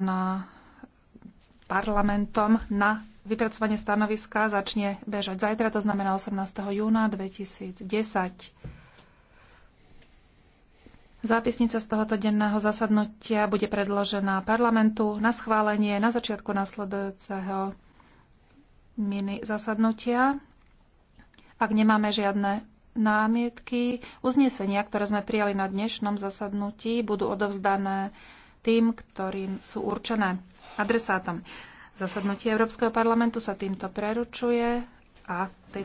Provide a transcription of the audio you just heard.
na parlamentom na vypracovanie stanoviska začne bežať zajtra, to znamená 18. júna 2010. Zápisnica z tohoto denného zasadnutia bude predložená parlamentu na schválenie na začiatku nasledujúceho mini zasadnutia. Ak nemáme žiadne námietky, uznesenia, ktoré sme prijali na dnešnom zasadnutí, budú odovzdané tým, ktorým sú určené adresátom. Zasadnutie Európskeho parlamentu sa týmto preručuje a tej